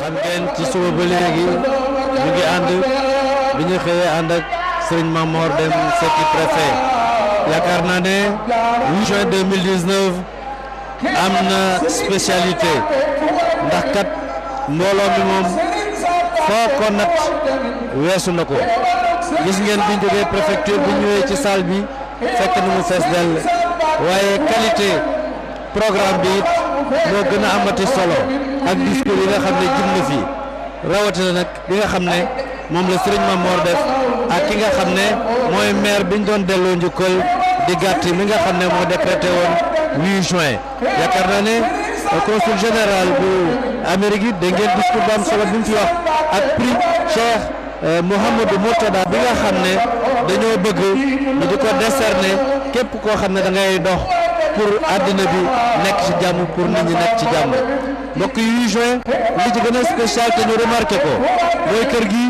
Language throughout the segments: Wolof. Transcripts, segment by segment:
xam ngeen ci suba ba léegi ñu ngi ànd bi ñu xëyee ànd ak sëriñ Mamor dem seeti préfet yaakaar naa ne am na spécialité ndax kat mbooloo mi moom foo ko nat weesu na ko gis ngeen bi ñu préfecture bi ñëwee ci salle bi fekk na mu fees dell waaye qualité. programme bi it moo gën a amati solo ak discours yi nga xam ne jëm na fi rawatina nag bi nga xam ne moom la sëriñ Mamor def ak ki nga xam ne mooy maire bi ñu doon delloo njukkal di gàtt mi nga xam ne moo décrété woon 8 juin yaakaar naa ne consul général bu Amérique it da ngeen discours bu am solo bi fi wax ak prix Cheikh euh, Mouhamadou Mourtada bi nga xam ne dañoo bëgg ñu di ko décerner képp koo xam ne da ngay dox. pour àddina bi nekk ci jàmm pour nit ñi nekk ci jàmm mbokk yi juin li ci gën a spécial te ñu remarqué ko mooy kër gi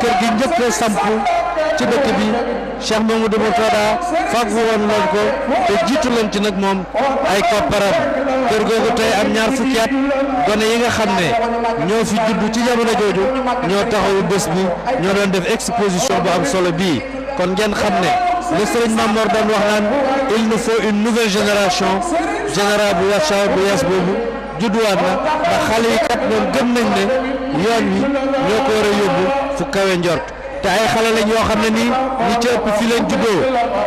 kër gi njëkk a samp ci dëkk bi Cheikh Mamadou Mourtada fàggu woon leen ko te jiitu leen ci nag moom ay kopparam kër googu tey am ñaar fukki at gone yi nga xam ne ñoo fi juddu ci jamono jooju ñoo taxawu bés bi ñoo doon def exposition bu am solo bii kon ngeen xam ne. le Serigne Mamor doon wax il nous faut une nouvelle génération général bu yas saa bu yas boobu judduwaat la ndax xale yi kat ñoom gëm nañ ne yoon wi ñoo ko war a yóbbu fu kawe te ay xale lañ yoo xam ne nii ñi ci ëpp fii lañ juddoo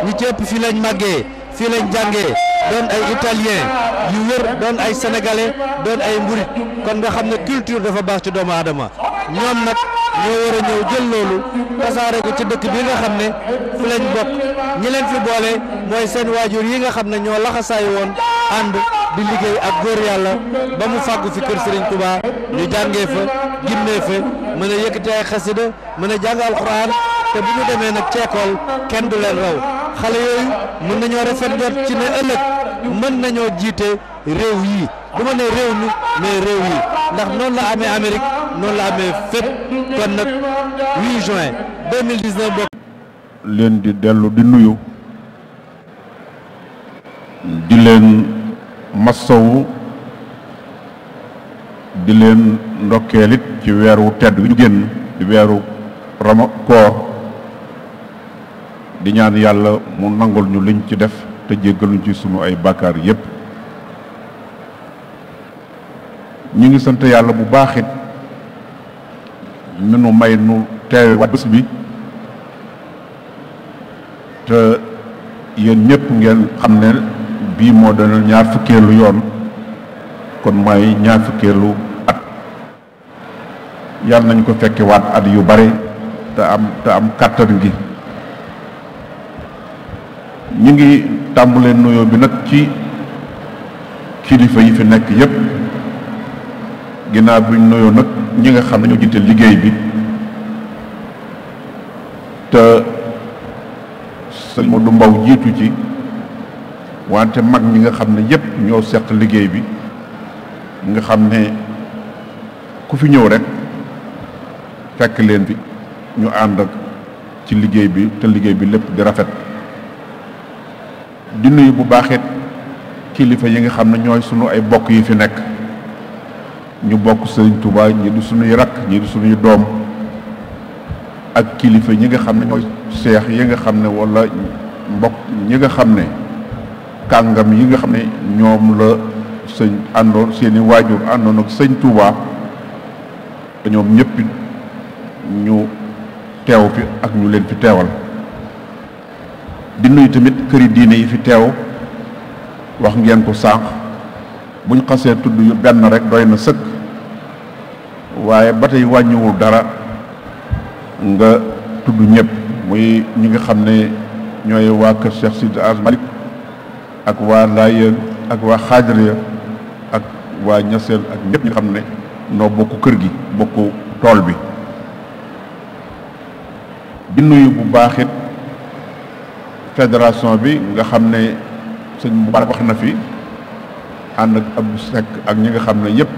ñi ci ëpp fii lañ màggee fii lañ jàngee doon ay italien yu wër doon ay sénégalais doon ay mburit kon nga xam ne culture dafa baax ci doomu aadama ñoom nag ñoo war ñëw jël loolu tasaare ko ci dëkk bi nga xam ne fu lañ bokk ñi leen fi boole mooy seen waajur yi nga xam ne ñoo laxasaay woon ànd di liggéey ak góor yàlla ba mu fàggu fi kër Serigne Touba ñu jàngee fa ginnee fa mën a yëkkati ay xasida mën a jàng alxuraan te bu ñu demee nag ceekool kenn du leen raw xale yooyu mën nañoo rafet jot ci ne ëllëg mën nañoo jiite réew yi du ma ne réew mi mais réew yi ndax noonu la amee Amérique noonu la amee fépp kon juin leen di dellu di nuyu di leen massawu di leen ndokkeelit ci weeru tedd bi ñu génn weeru rama koor di ñaan yàlla mu nangul ñu liñ ci def te jéggaluñ ci sunu ay bàkkaar yépp ñu ngi sant yàlla bu baaxit mi nu may nu teewe wat bés bi te yéen ñëpp ngeen xam ne bii moo doon ñaar fukkeelu yoon kon mooy ñaar fukkeelu at yàlla nañ ko fekke at yu bare te am te am kàttan gi ñu ngi tàmbalee nuyoo bi nag ci kilifa yi fi nekk yépp ginnaaw bi nuyoo nag ñi nga xam ne ñoo jiite liggéey bi sëñ Modou Mbaw jiitu ci wante mag ñi nga xam ne yëpp ñoo seq liggéey bi nga xam ne ku fi ñëw rek fekk leen fi ñu ànd ak ci liggéey bi te liggéey bi lépp di rafet di nuyu bu baaxit kilifa yi nga xam ne ñooy sunu ay bokk yi fi nekk ñu bokk sëriñ tubaay ñi di sunuy rakk ñi di sunuy doom ak kilifa ñi nga xam ne ñooy seex yi nga xam ne wala mbokk ñi nga xam ne kàngam yi nga xam ne ñoom la sëñ àndoon seeni waajur àndoon ak sëñ Touba ñoom ñëpp ñu teew fi ak ñu leen fi teewal di nuyu tamit këri diine yi fi teew wax ngeen ko sànq buñ xasee tudd yu benn rek doy na sëkk waaye ba tey wàññiwul dara nga tudd ñëpp muy ñi nga xam ne ñooy waa kër Cheikh Sidi Az Malik ak waa Laayeen ak waa Xaadiriya ak waa Ñaseen ak ñëpp ñi xam ne noo bokk kër gi bokk tool bi di nuyu bu baaxit fédération bi nga xam ne sëñ Moubarak wax na fi ànd ak Abdou Seck ak ñi nga xam ne yëpp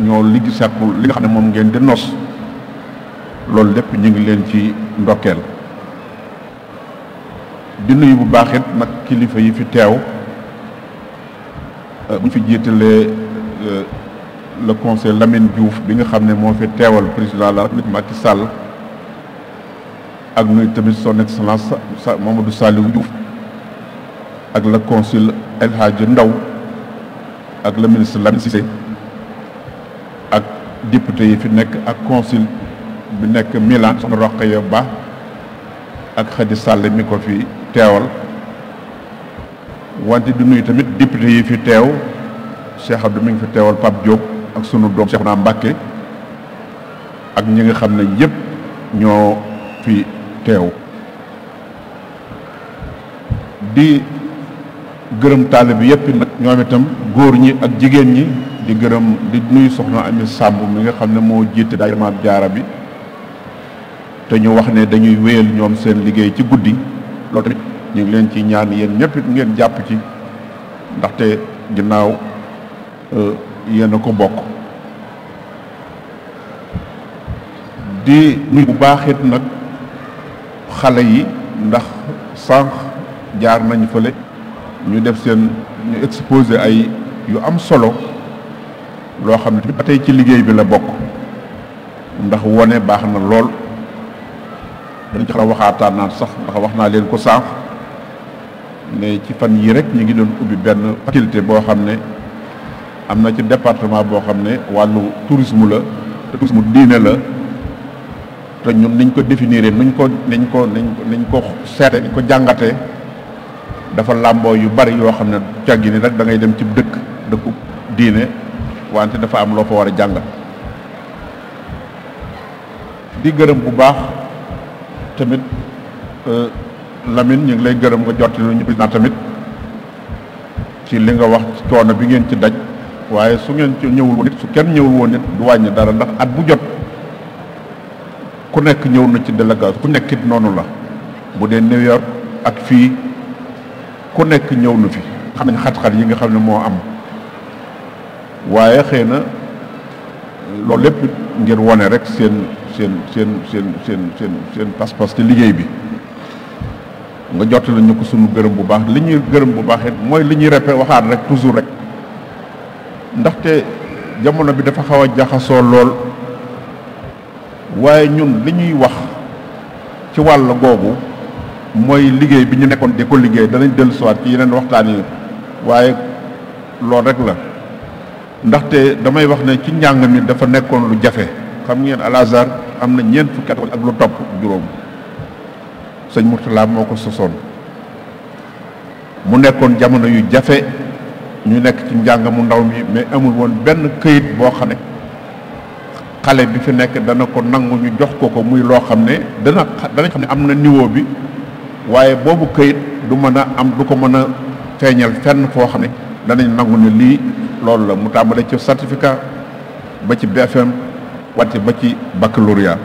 ñoo liggi sekkul li nga xam ne moom ngeen di nos loolu lépp ñu ngi leen ci ndokkeel di bu baax it nag kilifa yi fi teew euh, bu fi jiitalee euh, le conseil Lamine Diouf bi nga xam ne moo fi teewal président de la République Macky Sall ak nuyu tamit son excellence sa Mamadou Saliou Diouf ak le consul El Hadj Ndaw ak le ministre Lamine Cissé ak député yi fi nekk ak consul bi nekk Milan soxna Rokhaya Ba ak Khady Sall mi ko fii teewal wante di nuyu tamit député yi fi teew Cheikh Abdou mi ngi fi teewal Pape Diop ak sunu doom Cheikh naa Mbacke ak ñi nga xam ne yëpp ñoo fi teew di gërëm taalib yëpp nag ñoom itam góor ñi ak jigéen ñi di gërëm di nuyu soxna Ami Samb mi nga xam ne moo jiite daayira Maam Jaara bi te ñu wax ne dañuy wéyal ñoom seen liggéey ci guddi loolu tamit ñu ngi leen ci ñaan yéen ñëpp ngeen jàpp ci ndaxte ginnaaw euh, yéen a ko bokk di nuyu bu baaxit nag xale yi ndax sànq jaar nañ fële ñu def seen ñu exposé ay yu am solo loo xam ne tamit ba tey ci liggéey bi la bokk ndax wone baax na lool dañ ci xaw a waxaataan naan sax ndax wax naa leen ko sànq ne ci fan yii rek ñu ngi doon ubbi benn faculté boo xam ne am na ci département boo xam ne wàllu tourisme la te tourisme diine la te ñun niñ ko définir nuñ ko niñ ko niñ ko seete niñ ko jàngatee dafa làmboo yu bari yoo xam ne càggi ni rek dangay dem ci dëkk dëkku diine wante dafa am loo fa war a jàngat di gërëm bu baax tamit euh, Lamine ñu ngi lay gërëm nga jot ñu président tamit ci li nga wax ci coono bi ngeen ci daj waaye su ngeen ci ñëwul woon it su kenn ñëwul woon it du wàññi dara ndax at bu jot ku nekk ñëw na ci délégation ku nekkit noonu la bu dee New York ak fii ku nekk ñëw na fi xam nañ xat-xat yi nga xam ne moo am waaye xëy na loolu lépp ngir wone rek seen seen seen seen seen seen seen pas-pas ci liggéey bi nga jot lañu ko sunu gërëm bu baax li ñuy gërëm bu baax mooy li ñuy répé waxaat rek toujours rek ndaxte jamono bi dafa xaw a jaxasoo lool waaye ñun li ñuy wax ci wàll googu mooy liggéey bi ñu nekkoon di ko liggéey danañ dellu soit ci yeneen waxtaan yi waaye loolu rek la ndaxte damay wax ne ci njàng mi dafa nekkoon lu jafe xam ngeen Al Azhar am na ñeent fukki ak lu topp juróom sëñ Mourtala moo ko sosoon mu nekkoon jamono yu jafe ñu nekk ci njàng mu ndaw mi mais amul woon benn këyit boo xam ne xale bi fi nekk dana ko nangu ñu jox ko ko muy loo xam ne dana xam ne am na niveau bi waaye boobu këyit du mën a am du ko mën a feeñal fenn foo xam ne danañ nangu ne lii loolu la mu tàmbale ci certificat ba ci BFM wàcce ba ci baccalauréat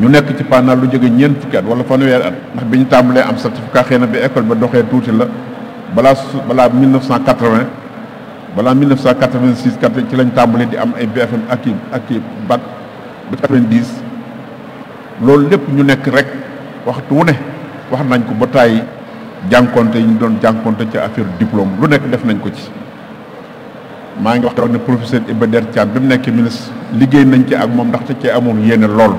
ñu nekk ci pendant lu jege ñeent fukki at wala fanweeri at ndax bi ñu tàmbalee am certificat xëy na bi école ba doxee tuuti la balaa su balaa 1980 balaa 1986 kat ci lañu tàmbalee di am ay BFM ak i ak i bac ba loolu lépp ñu nekk rek waxtu wu ne wax nañ ko ba tàyyi jànkonte yi ñu doon jànkonte ci affaire diplôme lu nekk def nañ ko ci. maa ngi wax ne professeur Iba Der Thiam bi mu nekk ministre liggéey nañ ci ak moom ndax ci amoon yéene lool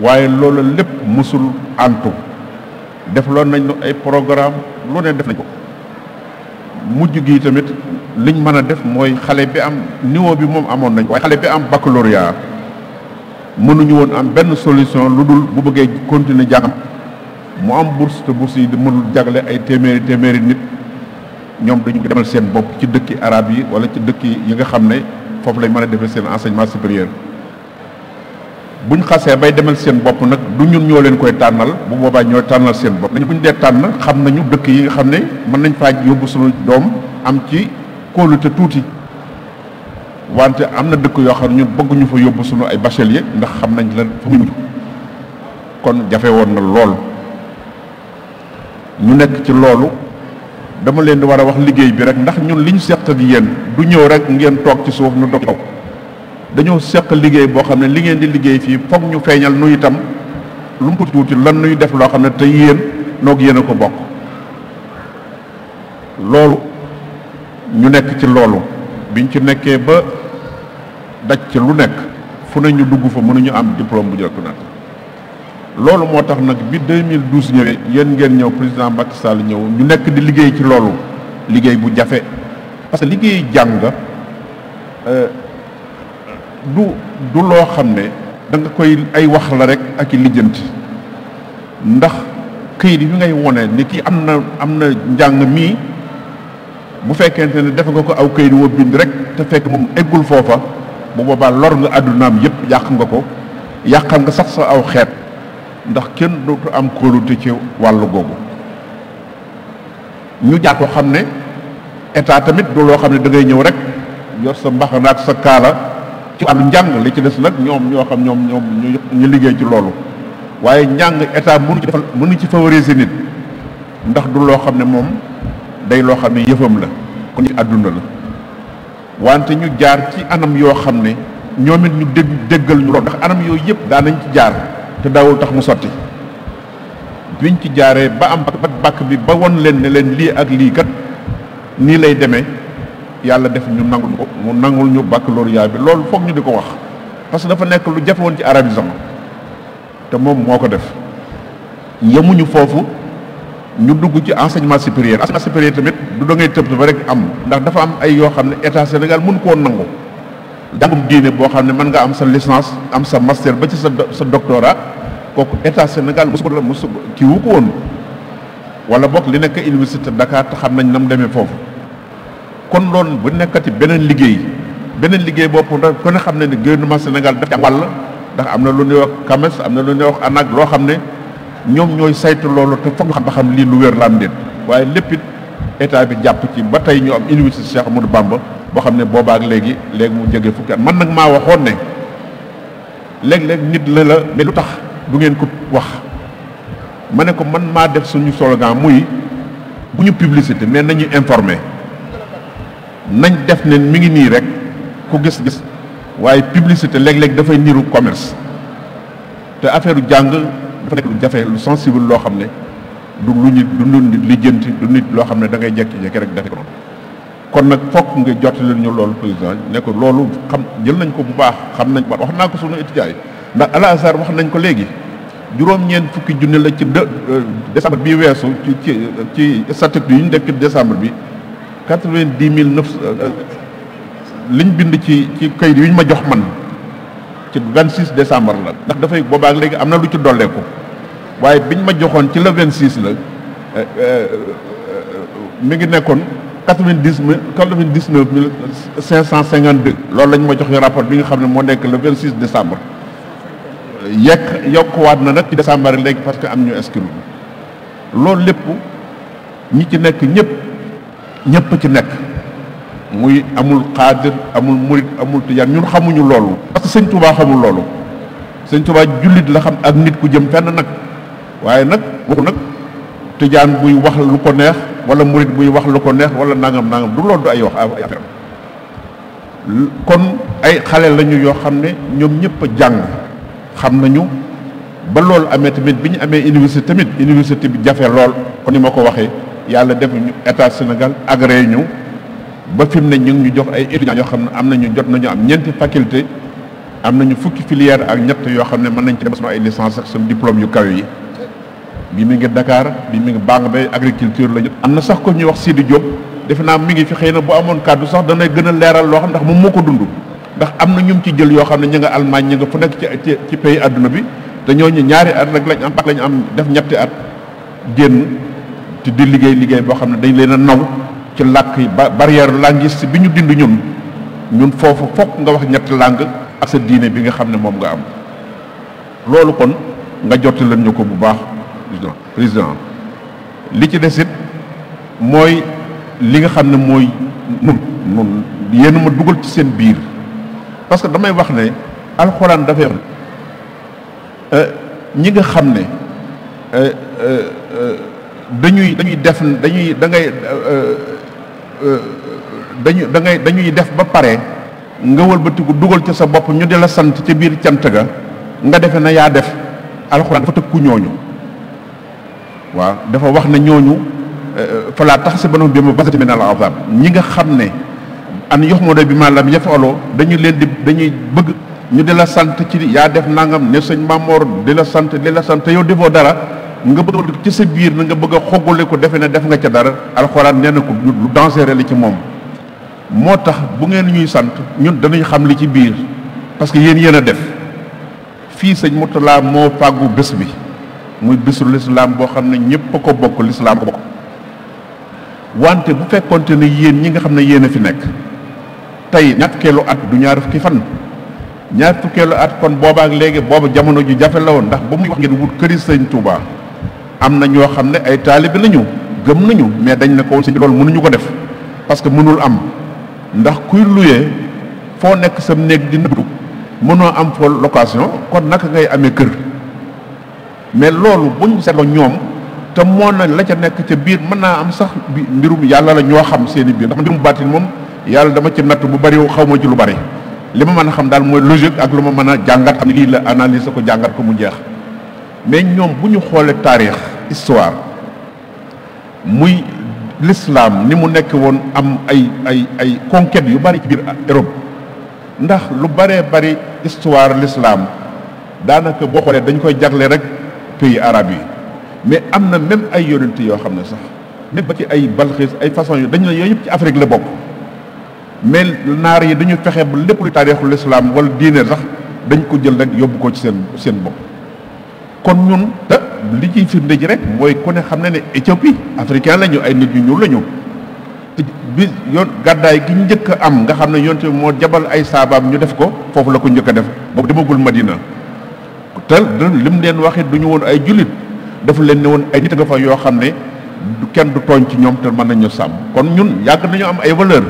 waaye loolu lépp mësul antu def loon nañ ay programme lu ne def nañ ko mujj gi tamit liñ mën a def mooy xale bi am niveau bi moom amoon nañ waaye xale bi am baccalauréat mënuñu woon am benn solution lu dul bu bëggee continuer jàngam mu am bourse te bourse yi mënul jagle ay téeméeri téeméeri nit ñoom dañu demal seen bopp ci dëkki arab yi wala ci dëkk yi nga xam ne foofu lañ mën a defee seen enseignement supérieur buñ xasee bay demal seen bopp nag du ñun ñoo leen koy tànnal bu boobaa ñoo tànnal seen bopp dañ buñ dee tànn xam nañu dëkk yi nga xam ne mën nañ faa yóbbu suñu doom am ci kóolute tuuti wante am na dëkk yoo xam ne ñun bëgguñu fa yóbbu suñu ay bachelier ndax xam nañ la fa ñu kon jafe woon na lool ñu nekk ci loolu dama leen di war a wax liggéey bi rek ndax ñun li ñu seq di yéen du ñëw rek ngeen toog ci suuf nu dog kaw dañoo seq liggéey boo xam ne li ngeen di liggéey fii foog ñu feeñal nu itam lu tuuti lan nuy def loo xam ne te yéen noog yéen ko bokk loolu ñu nekk ci loolu biñ ci nekkee ba daj ci lu nekk fu ne ñu dugg fa mënuñu am diplôme bu njëkk nag loolu moo tax nag bi 2012 ñëwee yéen ngeen ñëw président Macky Sall ñëw ñu nekk di liggéey ci loolu liggéey bu jafe parce que liggéey jàng euh, du du loo xam ne da nga koy ay wax la rek ak i lijjanti ndax këyit yi ngay wone ni ki am na am na njàng mii bu fekkente ne def nga ko aw këyit woo bind rek te fekk moom eggul foofa bu boobaa lor nga àddunaam yëpp yàq nga ko yàqal nga sax sa aw xeet ndax kenn dootu am kóolute ci wàllu googu ñu jàpp xam ne état tamit du loo xam ne dangay ñëw rek yor sa mbaxana sa kaala ci wàllu njàng li ci des nag ñoom ñoo xam ñoom ñoom ñu liggéey ci loolu waaye njàng état mënu ci defal mënu ci favoriser nit ndax du loo xam ne moom day loo xam ne yëfam la kon ci àdduna wante ñu jaar ci anam yoo xam ne ñoom it ñu dégg déggal ñu lool ndax anam yooyu yëpp daan nañ ci jaar te daawul tax mu sotti biñ ci jaaree ba am bàkk bi ba won leen ne leen lii ak lii kat nii lay demee yàlla def ñu nangul ko mu nangul ñu bàkk loolu yaay bi loolu foog ñu di ko wax parce que dafa nekk lu jafe woon ci arabisant te moom moo ko def yemuñu foofu ñu dugg ci enseignement supérieur enseignement supérieur tamit du da ngay tëb ba rek am ndax dafa am ay yoo xam ne état Sénégal mun koo nangu njàngum diine boo xam ne mën nga am sa licence am sa master ba ci sa sa doctorat kooku état Sénégal mosu ko la mosu kii ko woon wala boog li nekk université Dakar te xam nañ na mu demee foofu kon loolu bu nekkati beneen liggéey beneen liggéey bopp ko ne xam ne ne gouvernement Sénégal def wàll ndax am na lu ñuy wax CAMES am na lu ñuy wax ANAQ loo xam ne ñoom ñooy saytu loolu te foog xam ba xam lii lu wér la am déet waaye lépp it état bi jàpp ci ba tey ñu am université Cheikh Amadou Bamba boo xam ne boobaak léegi léegi mu jógee fukki at man nag maa waxoon ne léeg-léeg nit la la ne lu tax du ngeen ko wax ma ne ko man maa def suñu slogan muy bu ñu publicité mais nañu informer nañ def ne mu ngi nii rek ku gis-gis waaye publicité léeg-léeg dafay niru commerce te affaire jàng dafa nekk lu jafe lu sensible loo xam ne du lu ñu du lu nit lijjanti du nit loo xam ne da ngay jekki-jekki rek defe ko kon nag fokk nga jottali ñu loolu président ne ko loolu xam jël nañ ko bu baax xam nañ ko wax naa ko sunu étudiants yi ndax alaasar wax nañ ko léegi juróom ñeen fukki junni la ci euh, décembre bi weesu ci ci ci statut ñu def ci bi quatre-vingt-dix mille neuf euh, euh, liñ bind ci ci kayit yu ñu ma jox man ci vingt-six décembre la ndax dafay boobaak léegi am na lu ci dolleeku waaye biñ ma joxoon ci la vingt-six la mu ngi nekkoon 90 99 552 loolu lañ ma jox ñu rapport bi nga xam ne moo nekk le 26 décembre yekk yokkwaat na nag ci décembre léegi parce que am ñu escroc loolu lépp ñi ci nekk ñëpp ñëpp ci nekk muy amul xaadir amul murit amul tijaan ñun xamuñu loolu parce que sëñ Tuubaa xamul loolu sëñ Tuubaa jullit la xam ak nit ku jëm fenn nag waaye nag waxu nag tijaan buy wax lu ko neex wala murit buy wax lu ko neex wala nangam nangam du loolu du ay wax ay affaire kon ay xale lañu yoo xam ne ñoom ñëpp jàng xam nañu ba loolu amee tamit bi ñu amee université tamit université bi jafe lool kon ni ma ko waxee yàlla def ñu état Sénégal agréé ñu ba fi mu ne ñu ngi ñu jox ay étudiants yoo xam ne am na ñu jot nañu am ñeenti faculté am nañu fukki filière ak ñett yoo xam ne mën nañ ci dem sama ay licence ak seen yu kaw yi bi mi ngi ndakaar bi mi ngi banque bay agriculture la ñu am na sax ko ñuy wax Sidi Diop defe naa mi ngi fi xëy na bu amoon kàddu sax danay gën a leeral loo xam ndax moom moo ko dund ndax am na ñum ci jël yoo xam ne ñu nga Allemagne ñu nga fu nekk ci ci pays adduna bi te ñooñu ñaari at rek lañ am ak lañ am def ñetti at génn te di liggéey liggéey boo xam ne dañ leen a naw ci làkk yi ba barrière linguiste bi ñu dind ñun ñun foofu fokk nga wax ñetti langue ak sa diine bi nga xam ne moom nga am loolu kon nga jotti leen ñu ko bu baax président président li ci desit mooy li nga xam ne mooy nun nun yéen ma dugal ci seen biir parce que damay wax ne alxuraan dafay wax euh, ñi nga xam ne euh, euh, dañuy dañuy def dañuy da ngay dañu da ngay dañuy def ba pare nga wëlbatiku dugal ca sa bopp ñu di la sant ca biir cant ga nga defe na yaa def alxuraan dafa tëkku ñooñu waaw dafa wax ne ñooñu euh, euh, falaa tax si banam bi ma basati min al azab ñi nga xam ne an yox moo bi ma lam yafaloo dañu leen di dañuy bëgg ñu di la sant ci yaa def nangam ne sëñ Mamor di la sant di la sant yow defoo dara nga bëgg ci sa biir na nga bëgg a xogale ko defe ne def nga ca dara alxuraan nee na ko lu dangereux li ci moom moo tax bu ngeen ñuy sant ñun danañ xam li ci biir parce que yéen yéen a def fii sëñ Moutala moo fàggu bés bi muy bisu lislaam boo xam ne ñëpp a ko bokk lislaam ko bokk wante bu fekkonte ne yéen ñi nga xam ne yéen a fi nekk tey ñaar fukkeelu at du ñaar fukki fan ñaar fukkeelu at kon boobaak léegi booba jamono ju jafe la woon ndax ba muy wax ngeen wut këri sëñ Touba am na ñoo xam ne ay taalibe lañu gëm nañu mais dañ ne ko woon lool loolu mënuñu ko def parce que mënul am ndax kuy luye foo nekk sam néeg di nëbbu mënoo am foo location kon naka ngay amee kër mais loolu buñ seetloo ñoom te moo nañ la ca nekk ca biir mën naa am sax mbirum yàlla la ñoo xam seen i biir ndax mbirum baatin moom yàlla dama ci natt bu bari xaw ma ci lu bari li ma mën a xam daal mooy logique ak lu ma mën a jàngat xam ne lii la analyse ko jàngat ko mu jeex mais ñoom bu ñu xoolee taarix histoire muy l'islam ni mu nekk woon am ay ay ay conquête yu bari ci biir Europe ndax lu baree bari histoire l'islam daanaka boo xoolee dañ koy jagle rek pays arabes yi mais am na même ay yonent yoo xam ne sax même ba ci ay balxiis ay façon yu dañu ne yooyu yëpp ci Afrique la bokk mais naar yi dañu fexe ba lépp lu taarixul islam wala diine sax dañ ko jël rek yóbbu ko ci seen seen bopp kon ñun te li ciy firnde ji rek mooy ku ne xam ne ne Éthiopie africain la ñu ay nit ñu ñuul la ñu te bi yoon gàddaay gi njëkk am nga xam ne yonent moo jabal ay saabaam ñu def ko foofu la ko njëkk a def boobu demagul dina te lim leen waxee du ñu woon ay jullit dafa leen ne woon ay nit a nga fa yoo xam ne kenn du tooñ ci ñoom te mën nañu sàmm kon ñun yàgg nañu am ay valeur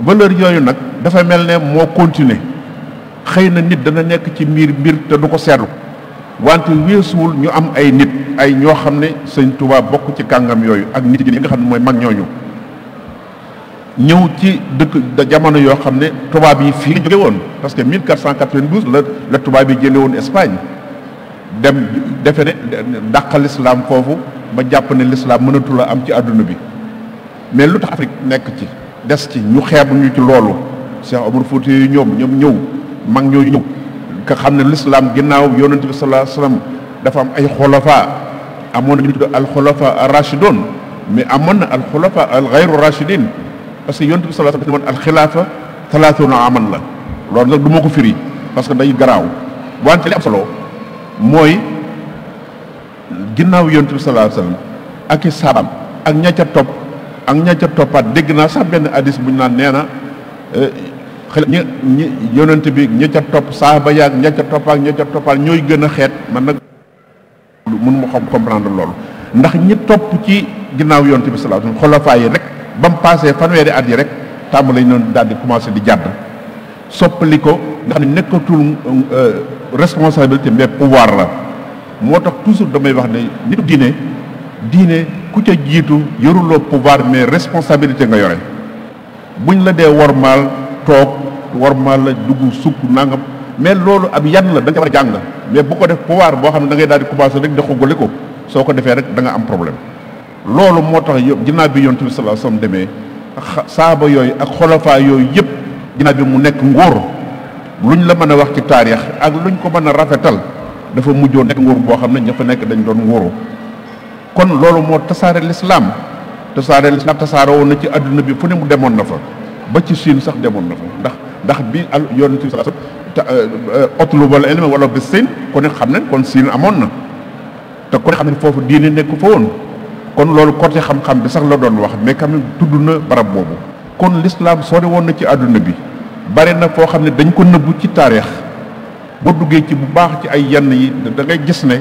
valeur yooyu nag dafa mel ne moo continuer xëy na nit dana nekk ci mbir mbir te du ko seetlu wante weesuwul ñu am ay nit ay ñoo xam ne sëñ tubaab bokk ci kàngam yooyu ak nit yi nga xam ne mooy mag ñooñu ñëw ci dëkk da jamono yoo xam ne tubaab yi fii jóge woon parce que 1492 la la tubaab yi jële woon Espagne dem defe ne dàqal l'islam foofu ba jàpp ne lislaam mënatul a am ci àdduna bi mais lu tax Afrique nekk ci des ci ñu xeeb ñu ci loolu Cheikh Omar Fouti yu ñoom ñëw mag ñoo ñëw nga xam ne lislaam ginnaaw yonent bi sallallahu alayhi dafa am ay xulafa amoon na ñu tudd al xulafa ar rachidun mais amoon na al xulafa al ghayru rachidin parce que yonent bi sallallahu alayhi wa sallam al xilaafa aman la loolu nag du ma ko firi parce que day garaaw wante li mooy ginnaaw yonent bi sallallahu alayhi wa ak i saabam ak ña ca topp ak ña toppaat dégg naa sax benn hadis bu ñu naan nee na eh, xel ñi ñi yonent bi ña topp saaba yaag ña ca toppaak ña ca toppaat ñooy gën a xeet man nag mun ma xam comprendre loolu ndax ñi topp ci ginnaaw yonent bi sallallahu alayhi wa sallam yi rek ba mu paasee fanweeri at yi rek tàmm lañ noonu daal di commencé di jàdd soppali ko nga xam ne nekkatul euh, responsabilité mais pouvoir la moo tax toujours damay wax ne nitu diine diine ku ca jiitu yoruloo pouvoir mais responsabilité nga yore buñ la dee wormaal toog wormaal la dugg sukk nangam mais loolu ab yan la da nga a jàng mais bu ko def pouvoir boo xam ne da ngay daal di commencé rek di xogale ko soo ko defee rek da nga am problème loolu moo tax yëpp bi yonent bi sallallahu alayhi wasallam demee saaba yooyu ak xolofaa yooyu yëpp ginnaaw bi mu nekk nguur luñ la mën a wax ci taarix ak luñ ko mën a rafetal dafa mujjoon nekk nguur boo xam ne ña fa nekk dañ doon nguuru kon loolu moo tasaare lislaam tasaare lislaam tasaare woon na ci àdduna bi fu ne mu demoon na fa ba ci Chine sax demoon na fa ndax ndax bi al yoon bi sallallahu alayhi wasallam utlubul ilma walaw bis-Siin kon xam ne kon Siin amoon na te kon xam ne foofu diine nekk fa woon kon loolu côté xam-xam bi sax la doon wax mais quand même tudd na barab boobu kon l'islam sori woon na ci àdduna bi bare na foo xam ne dañ ko nëbbu ci taarix boo duggee ci bu baax ci ay yenn yi da ngay gis ne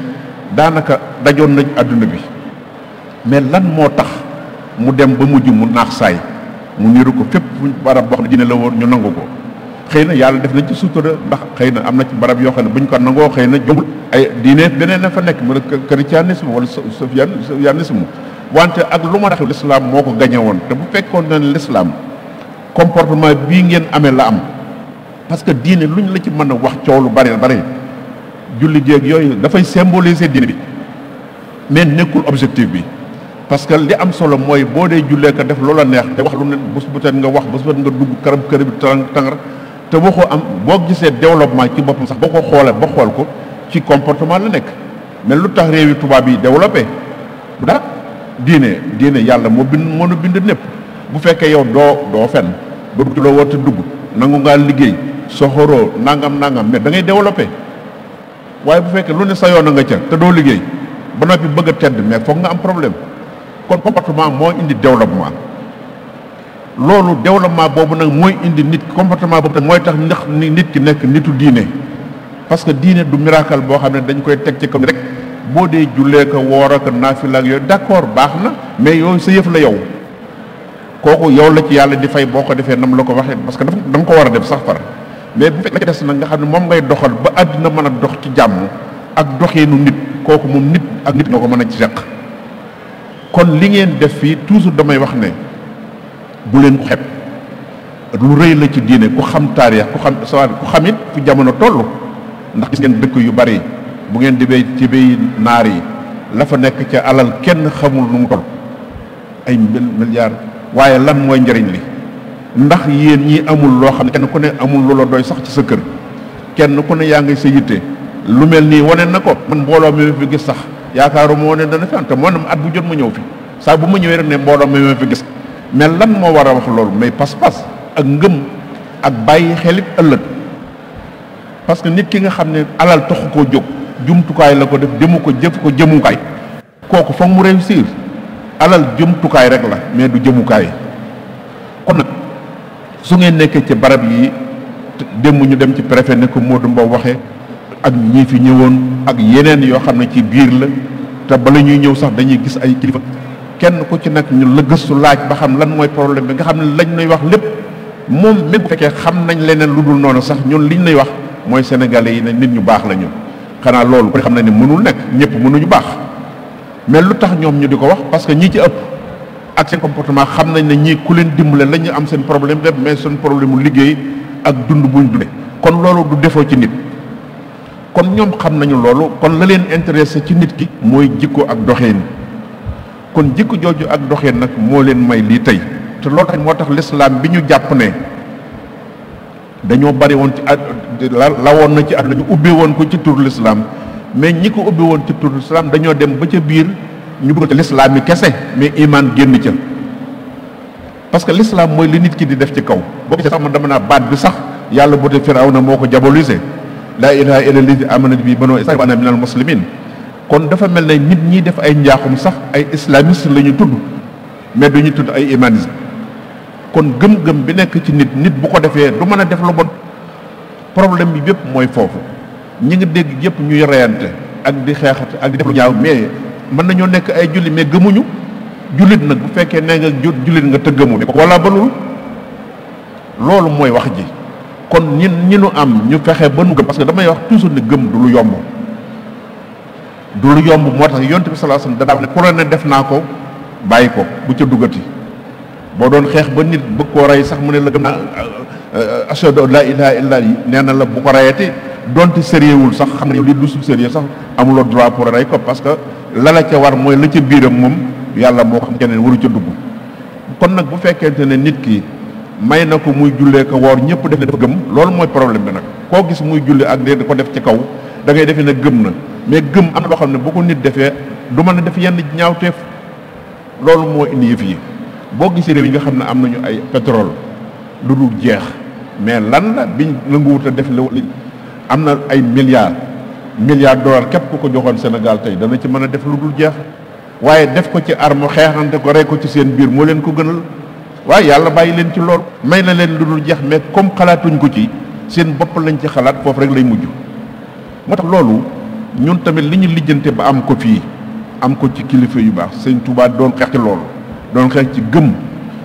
daanaka dajoon nañ àdduna bi mais lan moo tax mu dem ba mujj mu naax saay mu niru ko fépp barab boo xam ne la woon ñu nangu ko xëy na yàlla def nañ ci sutura ndax xëy na am na ci barab yoo xam ne bu ñu ko nangoo xëy na jubul ay diine beneen fa nekk mu ne christianisme wala sofianisme wante ak lu ma tax l'islam moo ko gañe woon te bu fekkoon na l'islam comportement bii ngeen amee la am parce que diine luñ la ci mën a wax coow lu bari bari julli géeg yooyu dafay symboliser diine bi mais nekkul objectif bi parce que li am solo mooy boo dee jullee ko def loola neex te wax lu ne bés bu nga wax bés bu teen nga dugg karam kër bi tàng tàngar te waxoo am boo gisee développement ci boppam sax boo ko xoolee ba xool ko ci comportement la nekk mais lu tax réewi tubaab yi développé bu dara diine diine yàlla moo bind moo nu bind népp bu fekkee yow doo doo fen ba dugg loo war te dugg nangu ngaa liggéey soxoroo nangam nangam mais da ngay développé waaye bu fekkee lu ne sa yoon a nga ca te doo liggéey ba bi bëgg a tedd mais foog nga am problème kon comportement moo indi développement. loolu développement boobu nag mooy indi nit comportement boobu tam mooy tax ndax ni nit ki nekk nitu diine parce que diine du miracle boo xam ne dañ koy teg ci kam rek boo dee jullee ko woor ak naafila ak yooyu d'accord baax na mais yooyu sa yëf la yow kooku yow la ci yàlla di fay boo ko defee na mu la ko waxee parce que dafa da ko war a def sax far mais bu fekkee des nag nga xam ne moom ngay doxal ba àddina mën a dox ci jàmm ak doxeenu nit kooku moom nit ak nit nga ko mën a ci seq kon li ngeen def fii toujours damay wax ne bu leen xeeb lu rëy la ci diine ku xam taarix ku xam histoire ku xam it fu jamono toll ndax gis ngeen dëkk yu bari bu ngeen di béy ci béy naar yi la fa nekk ca alal kenn xamul nu mu toll ay milliards waaye lan mooy njariñ li ndax yeen ñii amul loo xam ne kenn ku ne amul loola doy sax ci sa kër kenn ku ne yaa ngi sa yitte lu mel nii wane na ko man mbooloo mi fi gis sax yaakaaruma wane dana fi am te man at bu jot ma ñëw fi saa bu ma ñëwee rek ne mbooloo mi fi mais lan moo war a wax loolu mais pas-pas ak ngëm ak bàyyi xelit ëllëg parce que nit ki nga xam ne alal taxu koo jóg jumtukaay la ko def jëmu ko jëf ko jëmukaay kooku foog mu réussir alal jumtukaay rek la mais du jëmukaay kon nag su ngeen nekkee ci barab yi démb ñu dem ci préfet ne ko Modou Mbow waxee ak ñi fi ñëwoon ak yeneen yoo xam ne ci biir la te bala ñuy ñëw sax dañuy gis ay kilifa kenn ku ci nag ñu la gëstu laaj ba xam lan mooy problème bi nga xam ne lañ nuy wax lépp moom même bu fekkee xam nañ leneen lu dul noonu sax ñun liñ nuy wax mooy sénégalais yi ne nit ñu baax la ñu xanaa loolu ko xam nañ ne mënul nekk ñëpp mënuñu baax mais lu tax ñoom ñu di ko wax parce que ñi ci ëpp ak seen comportement xam nañ ne ñii ku leen dimbale la ñu am seen problème lépp mais seen problème mu liggéey ak dund buñ dundee kon loolu du defoo ci nit kon ñoom xam nañu loolu kon la leen intéressé ci nit ki mooy jikko ak doxeen kon jikko jooju ak doxeen nag moo leen may lii tey te loolu tax moo tax lislaam bi ñu jàpp ne dañoo bari woon ci at lawoon na ci at lañu ubbi woon ko ci tur lislaam mais ñi ko ubbi woon ci tur lislaam dañoo dem ba ca biir ñu bëgg ci lislaam yi kese mais imaan génn ca parce que lislaam mooy li nit ki di def ci kaw boo sax man dama naa baat bi sax yàlla boote firaw na moo ko diabolisé laa ilaha illa llazi amanat bi banu israil wa ana minal muslimin kon dafa mel ne nit ñi def ay njaaxum sax ay islamiste la tudd mais du ñu tudd ay humanisme kon gëm-gëm bi nekk ci nit nit bu ko defee du mën a def lu bon problème bi bépp mooy foofu ñi ngi dégg yëpp ñuy reyante ak di xeexat ak di def lu ñaaw mais mën nañoo nekk ay julli mais gëmuñu jullit nag bu fekkee nee nga jullit nga te gëmu ne wala ba loolu mooy wax ji kon ñin ñi nu am ñu fexe ba nu gëm parce que damay wax toujours ne gëm du lu yomb du lu yomb moo tax yonent bi sallallahu alayhi wasallam dafa ne ku la ne def naa ko bàyyi ko bu ca duggati boo doon xeex ba nit bëgg koo rey sax mu ne la gëm naa euh, ashhadu an laa ilaaha illa nee na la bu ko reyati donte sérieuxwul sax xam ne li du su sérieux sax amuloo droit pour rey ko parce que la la ca war mooy la ca biiram moom yàlla moo xam keneen waru ca dugg kon nag bu fekkente ne nit ki may na ko muy jullee ko woor ñëpp def ne dafa gëm loolu mooy problème bi nag koo gis muy julli ak de ko def ci kaw dangay ngay defee ne gëm na mais gëm am na loo xam ne bu ko nit defee du mën a def yenn ñaawteef loolu moo indi yëf yi boo gisee réew yi nga xam ne am nañu ay pétrole lu dul jeex mais lan la biñ nanguwut a def li am na ay milliards milliards dollars képp ku ko joxoon Sénégal tey dana ci mën a def lu dul jeex waaye def ko ci arme xeexante ko rey ko ci seen biir moo leen ko gënal waaye yàlla bàyyi leen ci lool may na leen lu dul jeex mais comme xalaatuñ ko ci seen bopp lañ ci xalaat foofu rek lay mujj moo tax loolu ñun tamit li ñu lijjante ba am ko fii am ko ci kilifa yu baax sëñ Touba doon xeex ci loolu doon xeex ci gëm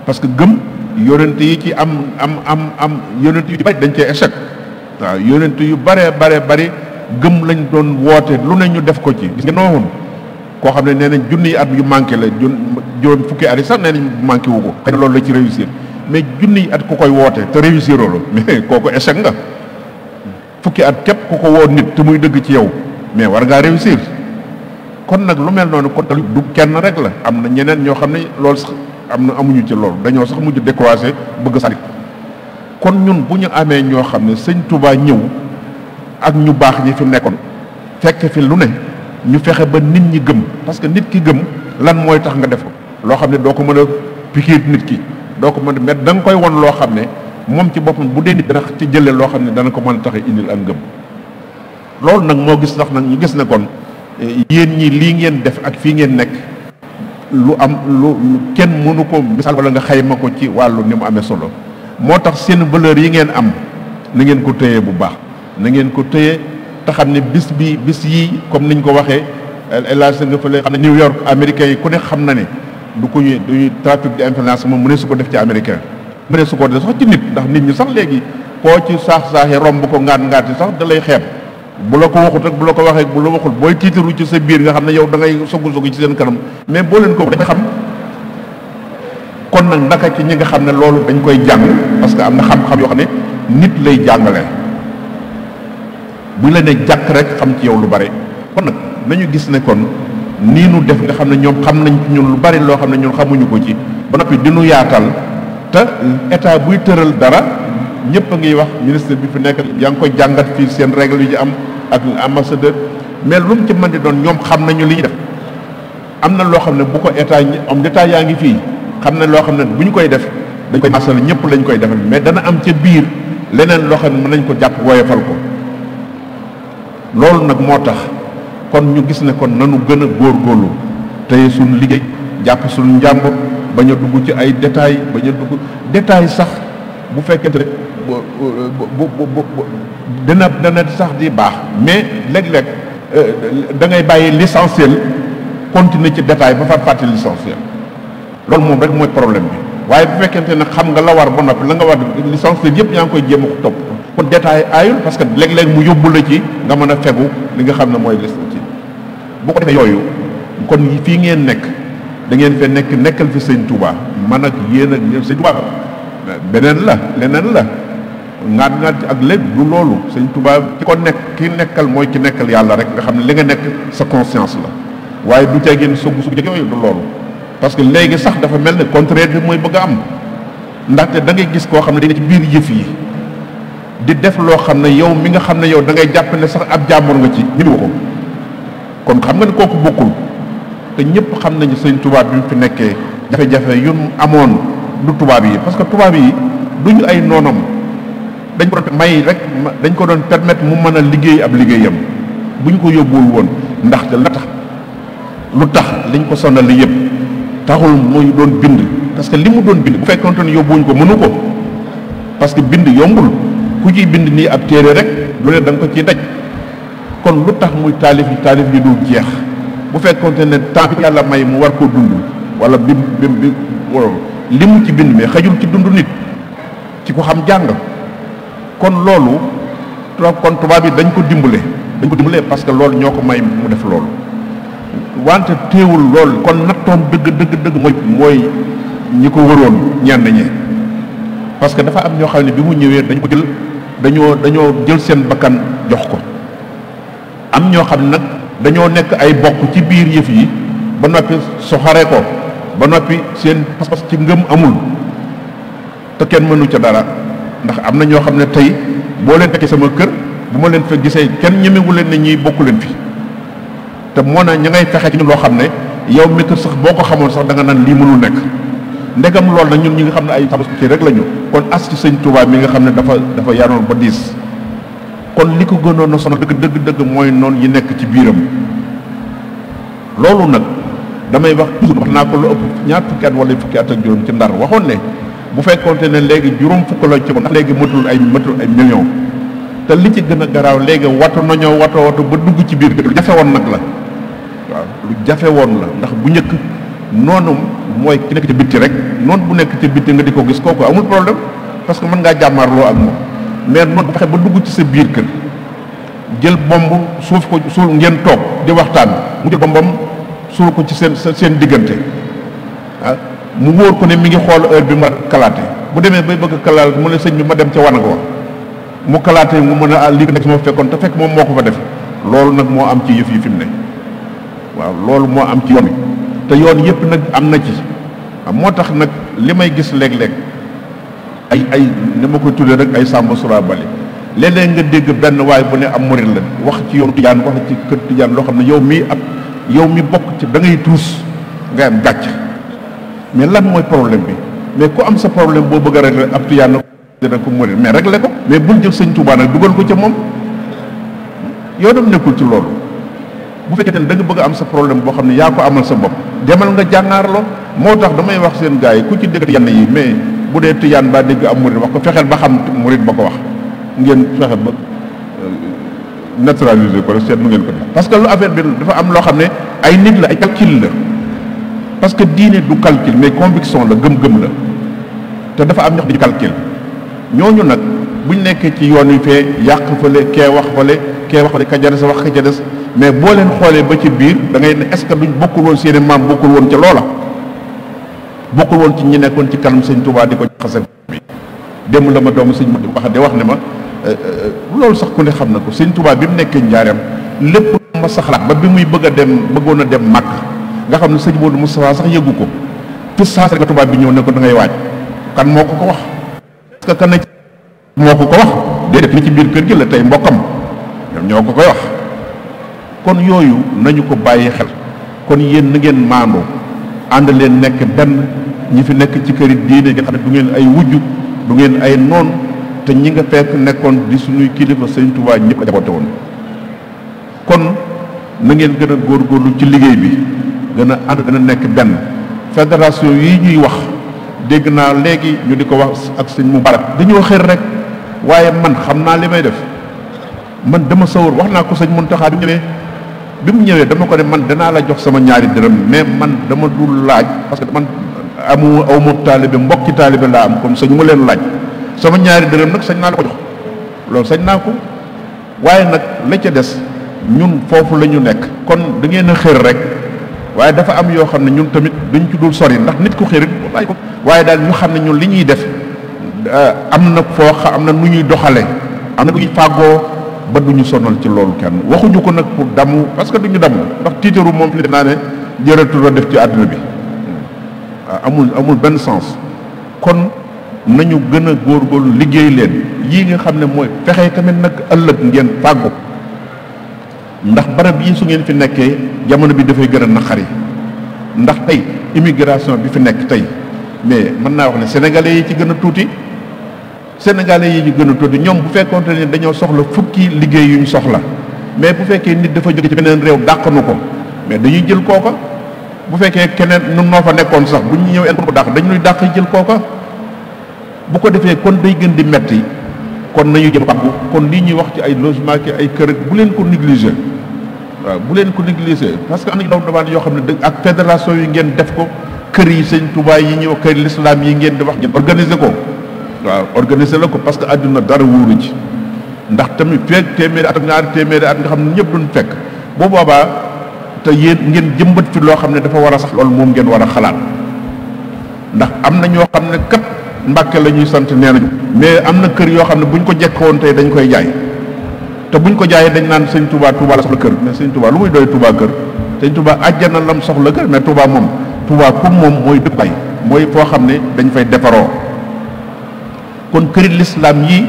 parce que gëm yonent yi ci am am am am yonent yu bari dañ cee échec waaw yonent yu bare bare bari gëm lañ doon woote lu ne ñu def ko ci gis nga noonu koo xam ne nee nañ junni at yu manqué la jun juróom fukki at yi sax nee nañ manqué wu ko xëy na loolu la ci réussir mais junni at ku koy woote te réussir loolu mais kooku échec nga fukki at képp ku ko woo nit te muy dëgg ci yow mais war ngaa réussir kon nag lu mel noonu kon tamit du kenn rek la am na ñeneen ñoo xam ne loolu sax am na amuñu ci loolu dañoo sax mujj décroisé bëgg salit kon ñun bu ñu amee ñoo xam ne sëñ Touba ñëw ak ñu baax ñi fi nekkoon fekk fi lu ne ñu fexe ba nit ñi gëm parce que nit ki gëm lan mooy tax nga def ko loo xam ne doo ko mën a pikiir nit ki doo ko mën a mais da koy won loo xam ne moom ci boppam bu dee nit dana ci jëlee loo xam ne dana ko mën a tax indil ak ngëm loolu nag moo gis ndax nag ñu gis ne kon yéen ñi lii ngeen def ak fii ngeen nekk lu am lu kenn mënu ko misaal wala nga xayma ko ci wàllu ni mu amee solo moo tax seen valeur yi ngeen am na ngeen ko téye bu baax na ngeen ko téye te xam ne bis bi bis yii comme niñ ko waxee élage nga fële xam ne New York américain yi ku nekk xam na ne du ko du trafic de influence moom mu ne su ko def ci américain mu ne su ko def sax ci nit ndax nit ñi sax léegi koo ci saax saaxi romb ko ngaat ngaat yi sax da lay xeeb bu la ko waxut ak bu la ko waxee bu la waxul booy tiitaru ci sa biir nga xam ne yow da ngay sogu sogu ci seen kanam mais boo leen ko dañ xam kon nag naka ci ñi nga xam ne loolu dañ koy jàng parce que am na xam-xam yoo xam ne nit lay jàngale bu la ne jàkk rek xam ci yow lu bare kon nag nañu gis ne kon nii nu def nga xam ne ñoom xam nañ ci ñun lu bari loo xam ne ñun xamuñu ko ci ba noppi di nu yaatal te état buy tëral dara ñëpp a ngi wax ministre bi fi nekk yaa ngi koy jàngat fii seen règle yu ci am ak ambassadeur mais lu mu ci mën di doon ñoom xam nañu li ñu def am na loo xam ne bu ko état homme d'état yaa ngi fii xam ne loo xam ne bu ñu koy def dañ koy masal ñëpp lañ koy defal mais dana am ca biir leneen loo xam ne mën nañ ko jàpp woyofal ko loolu nag moo tax kon ñu gis ne kon nanu gën a góorlu tey suñu liggéey jàpp suñu njàmbur bañ a dugg ci ay détails bañ a dugg détails sax bu fekkente ne bu dana dana sax di baax mais leg léeg euh, da ngay bàyyi l'essentiel continuer ci détail ba far fàtte l'essentiel loolu moom rek mooy problème bi waaye bu fekkente ne xam nga la war ba noppi la nga war l'essentiel yëpp ñaa ngi koy jéem ko topp kon détail aayul parce que léeg mu yóbbu la ci nga mën a fegu li nga xam ne mooy l'essentiel boo ko defee yooyu kon fii ngeen nekk da ngeen fe nekk nekkal fi sëñ Touba man ak yéen ak ñoom sëñ Touba beneen la leneen la ngaat ngaat ak lépp du loolu sëñ tubaab ki ko nekk ki nekkal mooy ki nekkal yàlla rek nga xam ne li nga nekk sa conscience la waaye du ca génn sugg sugg yooyu du loolu parce que léegi sax dafa mel ne contraire bi mooy bëgg a am ndaxte da ngay gis koo xam ne dañ ci biir yëf yi di def loo xam ne yow mi nga xam ne yow da ngay jàpp ne sax ab jàmbur nga ci ñi ko kon xam nga ne kooku bokkul te ñëpp xam nañu sëñ tubaab bi mu fi nekkee jafe-jafe yu amoon du tubaab yi parce que tubaab yi duñu ay noonam dañ ko doon may rek dañ ko doon permettre mu mën a liggéey ab liggéeyam bu ñu ko yóbbuwul woon ndaxte la tax lu tax liñ ko sonal li yëpp taxul muy doon bind parce que li mu doon bind bu fekkonte ne yóbbuwuñ ko mënu ko parce que bind yombul ku ciy bind nii ab téere rek lu ko ciy daj kon lu tax muy taalif yi taalif yi jeex bu fekkonte ne temps bi yàlla may mu war koo dund wala bi bi bi li mu ci bind mais xajul ci dund nit ci ko xam jàng kon loolu kon tubaab yi dañ ko dimbale dañ ko dimbale parce que loolu ñoo ko may mu def loolu wante téewul loolu kon nattoom dëgg dëgg dëgg mooy mooy ñi ko wëroon ñenn ñi parce que dafa am ñoo xam ne bi mu ñëwee dañu ko jël dañoo dañoo jël seen bakkan jox ko am ñoo xam ne nag dañoo nekk ay bokk ci biir yëf yi ba noppi soxare ko ba noppi seen pas-pas ci ngëm amul te kenn mënu ca dara ndax am na ñoo xam ne tey boo leen fekkee sama kër bu ma leen fa gisee kenn ñemewu leen ne ñuy bokku leen fi te moo na ña ngay fexe ci loo xam ne yow mi kër sax boo ko xamoon sax da nga naan lii mënul nekk ndegam lool nag ñun ñi nga xam ne ay tabaski rek la ñu kon as ci sëñ Touba mi nga xam ne dafa dafa yaroon ba diis kon li ko gënoon na sonal dëgg dëgg dëgg mooy noonu yi nekk ci biiram loolu nag damay wax toujours wax naa ko lu ëpp ñaar fukki at wala fukki at ci ndar waxoon ne bu te ne léegi juróom fukk lañ ci mën ndax léegi matul ay matul ay million te li ci gën a garaaw léegi watu nañoo wato watu ba dugg ci biir lu jafe woon nag la waaw lu jafe woon la ndax bu njëkk noonu mooy ki nekk ci bitti rek noonu bu nekk ci bitti nga di ko gis kooku amul problème parce que mën ngaa jàmmaarloo ak moom mais noonu bu fexe ba dugg ci sa biir kër jël bomb suuf ko suul ngeen toog di waxtaan mu jël bombam suul ko ci seen seen diggante mu wóor ko ne mi ngi xool heure bi ma kalaate bu demee bay bëgg kalaate mu ne sëñ bi ma dem ca wanag wa mu kalaate mu mën a ah, lii nekk ma fekkoon te fekk moom moo ko fa def loolu nag moo am ci yëf yi fi ne waaw loolu moo am ci yoon te yoon yëpp nag am na ci moo tax nag li may gis léeg-léeg ay ay ni ma tuddee rek ay sàmba sura bali nga dégg benn waay bu ne am murit la wax ci yoon tijaan wax ci kër tijaan loo xam ne yow mii ak yow mi bokk ci da ngay tuus ngay am gàcc mais lan mooy problème bi mais ku am sa problème boo bëgg a régler ab tuyaan na dina murit mais régler ko mais bul jël sëñ Tuubaa dugal ko ca moom yoonam nekkul ci loolu bu fekkee ne da bëgg am sa problème boo xam ne yaa ko amal sa bopp demal nga jàngaarloo moo tax damay wax seen gars yi ku ci dégg yenn yi mais bu dee tuyaan baa dégg am murit wax ko fexeel ba xam murit ba ko wax ngeen fexe ba euh, naturaliser ko rek seet nu ngeen ko def parce que lu affaire bi dafa am loo xam ne ay nit la ay calcul la parce que diine du calcul mais conviction la gëm-gëm la te dafa am ñax di calcul ñooñu nag buñ nekkee ci yoon yi fee yàq fële kee wax fële kee wax fële ka ca wax ka ca des mais boo leen xoolee ba ci biir da ngay ne est ce que duñ bokkul woon seeni maam bokkul woon ca loola bokkul woon ci ñi nekkoon ci kanam sëñ di ko jaxase bi la ma doomu sëñ ma di wax de wax ne ma euh, euh, loolu sax ku ne xam na ko sëñ Tuubaa bi mu nekkee njaareem lépp ma sax saxalaat ba bi muy bëgg a dem bëggoon a dem màkk nga xam ne sëñ Modou Moustapha sax yëgu ko tout saa rek la tubaab bi ñëw ne ko da ngay waaj kan moo ko ko wax. parce que kan moo ko ko wax déedéet li ci biir kër gi la tey mbokkam ñoom ñoo ko koy wax kon yooyu nañu ko bàyyi xel kon yéen na ngeen maandoo ànd leen nekk benn ñi fi nekk ci këri diine nga xam ne du ngeen ay wujj du ngeen ay noon te ñi nga fekk nekkoon di suñuy kilifa sëñ Tuubaa ñëpp a jaboote woon kon na ngeen gën a góorgóorlu ci liggéey bi. gën a ànd gën a nekk benn fédération yi ñuy wax dégg naa léegi ñu di ko wax ak sëñ Moubarak dañoo xër rek waaye man xam naa li may def man dama sawar wax naa ko sëñ Muntaxa bi mu ñëwee bi mu ñëwee dama ko ne man danaa la jox sama ñaari dërëm mais man dama dul laaj parce que man amu aw ma taalibe mbokki taalibe laa am comme sëñ ma leen laaj sama ñaari dërëm nag sañ naa la ko jox loolu sañ naa ko waaye nag la ca des ñun foofu la ñu nekk kon da ngeen a xër rek waaye dafa am yoo xam ne ñun tamit duñ ci dul sori ndax nit ku xërit bàyyi ko waaye daal ñu xam ne ñun li ñuy def euh, am na foo xa am na nu ñuy doxale am na ñuy fàggoo ba duñu sonal ci loolu kenn waxuñu ko nag pour damu parce que duñu damu ndax tiitaru moom fi naa ne jërëtul a def ci àdduna bi euh, amul amul benn sens kon nañu gën a góorgóorlu liggéey leen yii nga xam ne mooy fexe tamit nag ëllëg ngeen fàggu ndax barab yi su ngeen fi nekkee jamono bi dafay gën a naqari ndax tey immigration bi fi nekk tey mais mën naa wax ne sénégalais yi ci gën a tuuti sénégalais yi ñu gën a tuuti ñoom bu te ne dañoo soxla fukki liggéey yu ñu soxla mais bu fekkee nit dafa jóge ci beneen réew dàq nu ko mais dañuy jël kooka bu fekkee keneen nun noo fa nekkoon sax bu ñu ñëwee ko dàq dañuy dàq jël kooka bu ko defee kon day gën di metti kon nañu jëm kon lii ñuy wax ci ay logement ki ay kër bu leen ko négliger waaw bu leen ko négliger parce que am nañu daw dabaan yoo xam ne dëgg ak fédération yi ngeen def ko kër yi sëñ Touba yi ñëw kër l'islam yi ngeen di wax ngeen organiser ko waa organiser la ko parce que àdduna dara wóoru ci ndax tamit feeg téeméeri at téeméeri at nga xam ne ñëpp duñ fekk boo boobaa te yéen ngeen jëmbat fi loo xam ne dafa war a sax loolu moom ngeen war a xalaat ndax am na ñoo xam ne kat mbàkke la ñuy sant nee nañu mais am na kër yoo xam ne bu ñu ko jekkoon tey koy jaay te buñ ko jaayee dañ naan sëñ Touba Touba la soxla kër mais sëñ Touba lu muy doy Touba kër sëñ Touba àjjana lam soxla kër mais Touba moom Touba kum moom mooy dëppaay mooy foo xam ne dañ fay defaroo kon këri lislaam yii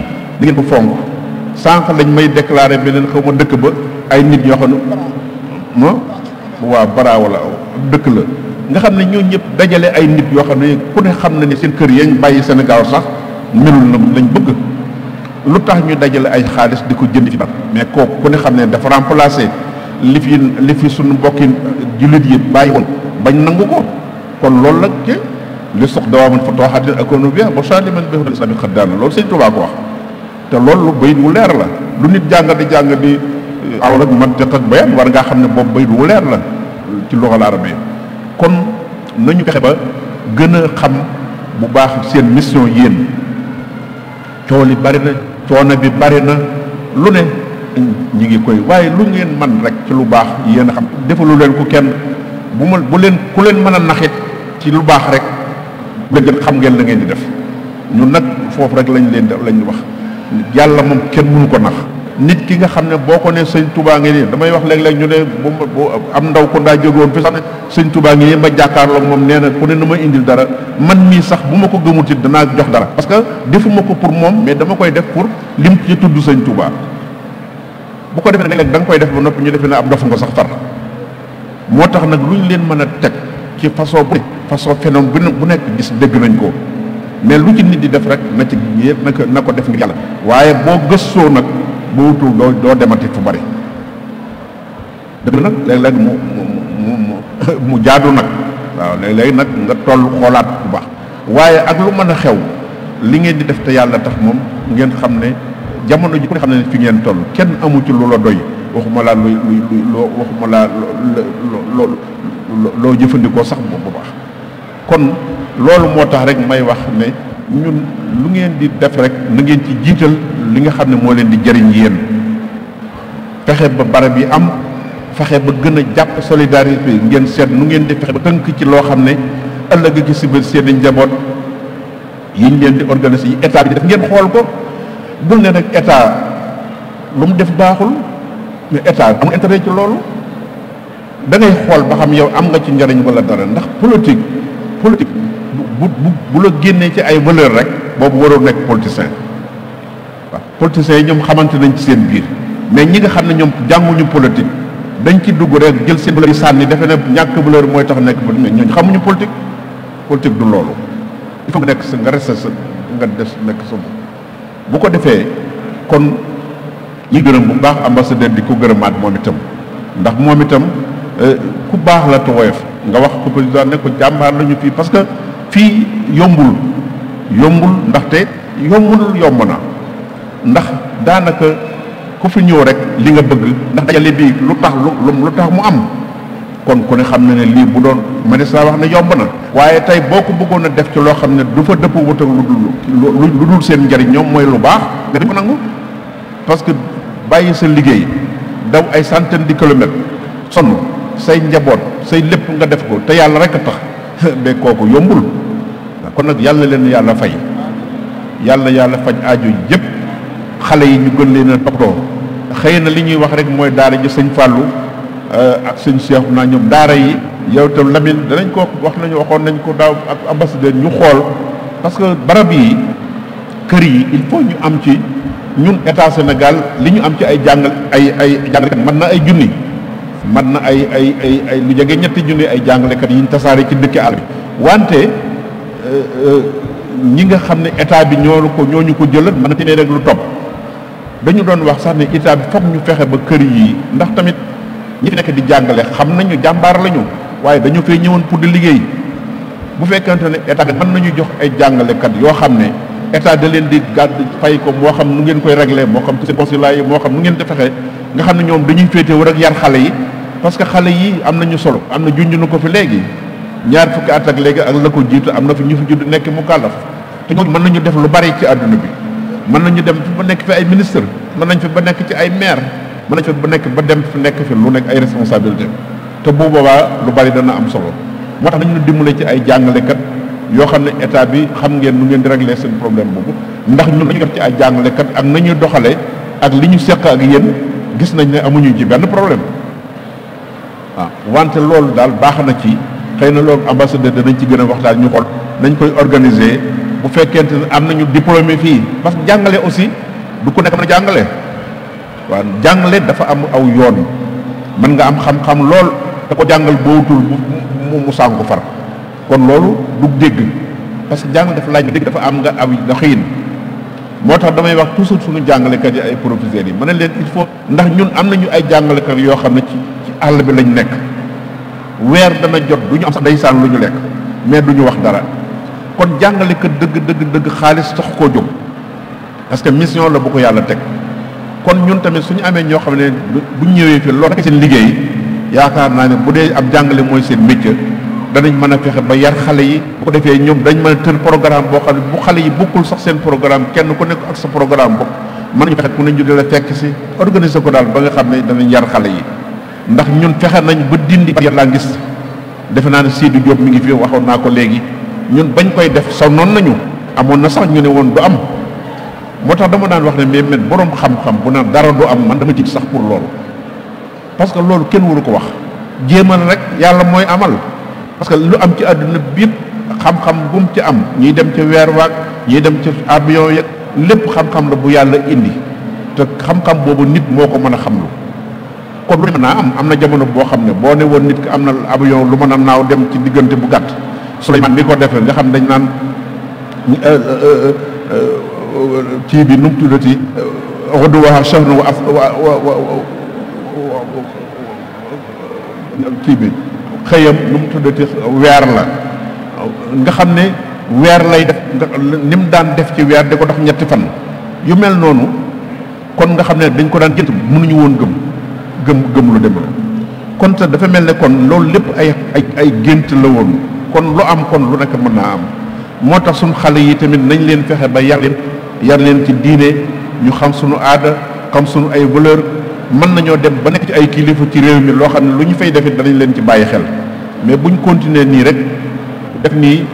sànq lañ may déclaré beneen xaw ma dëkk ba ay nit yoo xam ne waaw bara wala dëkk la nga xam ne ñooñ ñëpp dajale ay nit yoo xam ne ku ne xam na ni seen kër yañ bàyyi Sénégal sax melul na lañ bëgg lu tax ñu dajale ay xaalis di ko jënd ci nag mais kooku ko ne xam ne dafa remplacé li fi li fi suñu mbokki jullit yi bàyyi woon bañ nangu ko kon loolu nag ke li sox dawaaman fa tooxaatin akono bi ba saliman bi islami xaddaana loolu sëñ Tuubaa ko wax te loolu bayit wu leer la lu nit jàng di jàng di eh, aw rek mantiq ak bayan war ngaa xam ne boobu bayit wu leer la ci luxal arabe kon nañu fexe ba gën a xam bu baax seen mission yéen coow li bari na coono bi bari na lu ne ñi ngi koy waaye lu ngeen man rek ci lu baax yéen a xam defalu leen ku kenn bu ma bu leen ku leen mën a naxit ci lu baax rek dëgg xam ngeen la ngeen di def ñun nag foofu rek lañ leen lañ wax yàlla moom kenn mënu ko nax nit ki nga xam ne boo ko ne sëñ Touba ngi nii damay wax léeg-léeg ñu ne bu am ndaw ko ndaa jógoon fi sax ne sëñ tubaa ngi nii ma jàkkaarloog moom nee na ku ne na ma indil dara man mii sax bu ma ko gëmut it danaa jox dara parce que defuma ko pour moom mais dama koy def pour lim ci tudd sëñ Touba bu ko defee nag da nga koy def ba noppi ñu defee ne ab dof nga sax far moo tax nag lu leen mën a teg ci façon bu façon phénomène bu nekk gis dégg nañ ko mais lu ci di def rek na ci na ko def ngir yàlla waaye boo gëstoo nag boo wutul doo doo demati fu bari dëgg nag léeg-léeg mu mu mu mu jaadu nag waaw léeg-léeg nag nga tollu xoolaat bu baax waaye ak lu mën a xew li ngeen di def te yàlla tax moom ngeen xam ne jamono ji ku ne xam ne fi ngeen toll kenn amu ci lu la doy waxuma laa luy loo waxuma laa loo loo jëfandikoo sax bu bu baax kon loolu moo tax rek may wax ne ñun lu ngeen di def rek na ngeen ci jiital li nga xam ne moo leen di jëriñ yéen fexe ba barab yi am fexe ba gën a jàpp solidarité ngeen seet nu ngeen di fexe ba tënk ci loo xam ne ëllëg ci si biir seen i njaboot yi ñu leen di organiser yi état bi def ngeen xool ko bul ne rek état lu mu def baaxul mais état amul intérêt ci loolu da xool ba xam yow am nga ci njëriñ wala dara ndax politique politique bu bu bu la génnee ci ay valeur rek boobu waroo nekk politicien politiciens yi ñoom xamante nañ ci seen biir mais ñi nga xam ne ñoom jànguñu politique dañ ci dugg rek jël seen valeur yi sànni defe ne ñàkk valeur mooy tax nekk politique ñooñu xamuñu politique politique du loolu il faut nga nekk sa nga reste sa nga des nekk sa bu ko defee kon ñu gërëm bu baax ambassadeur di ko gërëmaat moom itam ndax moom itam euh, ku baax la te nga wax ko président ko jàmbaar lañu fii parce que fii yombul yombul ndaxte yombul yomb na ndax daanaka ku fi ñëw rek li nga bëgg ndax dajale bi lu tax lu lu tax mu am kon ku ne xam na ne lii bu doon mënees naa wax ne yomb na. waaye tey boo ko bëggoon a def ci loo xam ne du fa dëpp wut ak lu lu dul seen njariñ ñoom mooy lu baax. nga ko nangu parce que bàyyi sa liggéey daw ay centaine de kilomètres sonn say njaboot say lépp nga def ko te yàlla rek a tax mais kooku yombul kon nag yàlla leen yàlla fay yàlla yàlla faj aajo yépp xale yi ñu gën leen a toppatoo xëy na li ñuy wax rek mooy daara ji sëñ fàllu euh, ak sëñ Cheikh naa ñoom daara yi yow itam Lamine danañ ko wax nañu waxoon nañ ko daaw ak ambassadeur ñu xool parce que barab yi kër yi il faut ñu am ci ñun état Sénégal li ñu am ci ay jàngal ay ay jàngalekat mën na ay junni mën na ay ay ay ay lu jege ñetti junni ay jàngalekat yi ñu tasaare ci dëkki àll bi wante euh, euh, ñi nga xam ne état bi ñoo ko ñoo ñu ko jëlal mën na ci ne rek lu topp dañu doon wax sax ni état bi foog ñu fexe ba kër yii ndax tamit ñi nekk di jàngale xam nañu jàmbaar lañu waaye dañu fee ñëwoon pour di liggéey bu fekkente ne état mën nañu jox ay jàngalekat yoo xam ne état da leen di gàdd pay ko moo xam nu ngeen koy réglé moo xam ci seen consulat yi moo xam nu ngeen di fexe nga xam ne ñoom dañuy féete war ak yar xale yi parce que xale yi am nañu solo am na junj na ko fi léegi ñaar fukki at ak léegi ak la ko jiit am na fi ñu fi judd nekk mu kàllaf te mën nañu def lu bari ci àdduna bi mën nañu dem ba nekk fi ay ministre mën nañ fi ba nekk ci ay maire mën nañ fi ba nekk ba dem fi nekk fi lu nekk ay responsabilité te bu boobaa lu bari dana am solo moo tax nañu dimbale ci ay jàngalekat yoo xam ne état bi xam ngeen nu ngeen di régler seen problème boobu ndax ñun dañu def ci ay jàngalekat ak nañuy doxalee ak li ñu seq ak yéen gis nañ ne amuñu ci benn problème waaw ah, wante loolu daal baax na ci xëy na loolu ambassadeur danañ ci gën a waxtaan ñu xool nañ koy organiser bu fekkente ne am nañu diplômé fii parce que jàngale aussi du ko nekk mën a jàngale waaw jàngale dafa am aw yoon mën nga am xam-xam lool te ko jàngal bootul mu mu sànku far kon loolu du dégg parce que jàngale dafa laaj nga dégg dafa am nga aw doxiin moo tax damay wax toujours suñu jàngalekat yi ay professeurs yi ma ne leen il faut ndax ñun am nañu ay jàngalekat yoo xam ne ci ci àll bi lañu nekk weer dana jot du ñu am sax day saan lu ñu lekk mais duñu wax dara kon jàngalekat dëgg dëgg dëgg xaalis tax koo jóg parce que mission la bu ko yàlla teg kon ñun tamit suñu amee ñoo xam ne bu ñu ñëwee fii loolu seen liggéey yaakaar naa ne bu dee ab jàngale mooy seen métier danañ mën a fexe ba yar xale yi bu ko defee ñoom dañ mën a tër programme boo xam ne bu xale yi bokkul sax seen programme kenn ku nekk ak sa programme bopp mën nañu fexe ku ne ñu la fekk si organiser ko daal ba nga xam ne danañ yar xale yi ndax ñun fexe nañ ba dindi yar laa gis defe naa ne Seydou Diop mi ngi fi waxoon naa ko léegi ñun bañ koy def saw noonu nañu amoon na sax ñu ne woon du am moo tax dama daan wax ne mais man boroom xam-xam bu naan dara du am man dama jig sax pour loolu parce que loolu kenn waru ko wax jéemal rek yàlla mooy amal parce que lu am ci àddina bi yëpp xam-xam bu mu ci am ñiy dem ca weer waag ñiy dem ca avion yeeg lépp xam-xam la bu yàlla indi te xam-xam boobu nit moo ko mën a xam lu comme lu mën naa am am na jamono boo xam ne boo ne woon nit ki am na avion lu mën a naaw dem ci diggante bu gàtt Souleymane mi ko defee nga xam dañ naan euh, euh, kii bi nu mu tuddati xudduwaa bi xëyam nu mu tuddati weer la nga xam ne weer lay def ni mu daan def ci weer di ko ñetti fan yu mel noonu kon nga xam ne dañ ko daan gént mënuñu woon gëm gëm gëm lu dem la kon te dafa mel ne kon loolu lépp ay ay ay gént la woon kon lu am kon lu nekk mën naa am moo tax suñu xale yi tamit nañ leen fexe ba yar leen yar leen ci diine ñu xam suñu aada xam suñu ay valeur mën nañoo dem ba nekk ci ay kilifa ci réew mi loo xam ne lu ñu fay defit danañ leen ci bàyyi xel mais buñ continuer nii rek def nii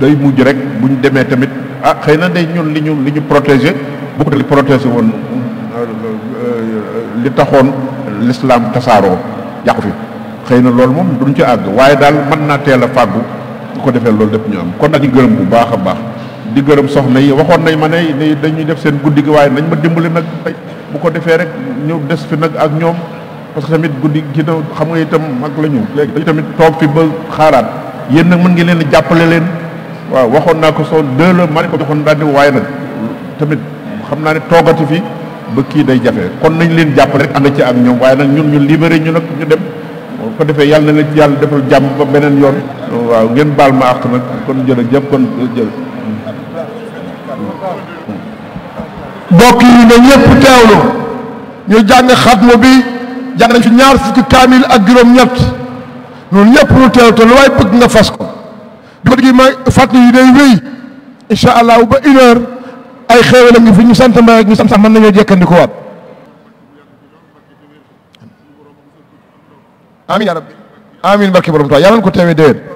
day mujj rek bu ñu demee tamit ah xëy na day ñun li ñu li ñu protégé bu ko li protégé woon euh, li taxoon lislaam tasaaroo yàqu fi xëy na loolu moom duñ ci àgg waaye daal mën naa teel a fàggu bu ko defee loolu lépp ñu am kon ak i gërëm bu baax a baax di gërëm soxna yi waxoon nañ ma ne dañuy def seen guddi gi waaye ma dimbali nag bu ko defee rek ñu des fi nag ak ñoom parce que tamit guddi gi na xam nga itam mag la ñu léegi dañu tamit toog fi ba xaaraat yéen nag mën ngi leen jàppale leen waaw waxoon naa ko soo deux la ma ne ko joxoon daal di waaye nag tamit xam naa ne toogati fi ba kii day jafe kon nañ leen jàppale rek ànd ci ak ñoom waaye nag ñun ñu libéré ñu nag ñu dem ko defee yàlla na la yàlla defal jàmm ba beneen yoon waaw ngeen baal ma àq nag kon jërëjëf kon jël mbokk yi na ñëpp teewlu ñu jàng xatmu bi jàng nañ fi ñaar fukki kaamil ak juróom-ñett loolu ñëpp lu teew te lu waay bëgg nga fas ko duma gi ma fàttali yi day wéy incha allah ba une heure ay xéewal ngi fi ñu sant mbay ak ñu sant sax mën nañoo amin yaa rabbi amin barke borom Tuubaa yàlla na ko teewee déwén